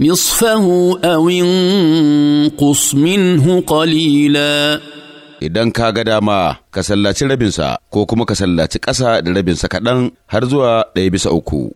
نصفه أو انقص منه قليلا idan ka ga dama ka sallaci rabinsa ko kuma ka sallaci ƙasa da rabinsa kaɗan har zuwa ɗaya bisa uku.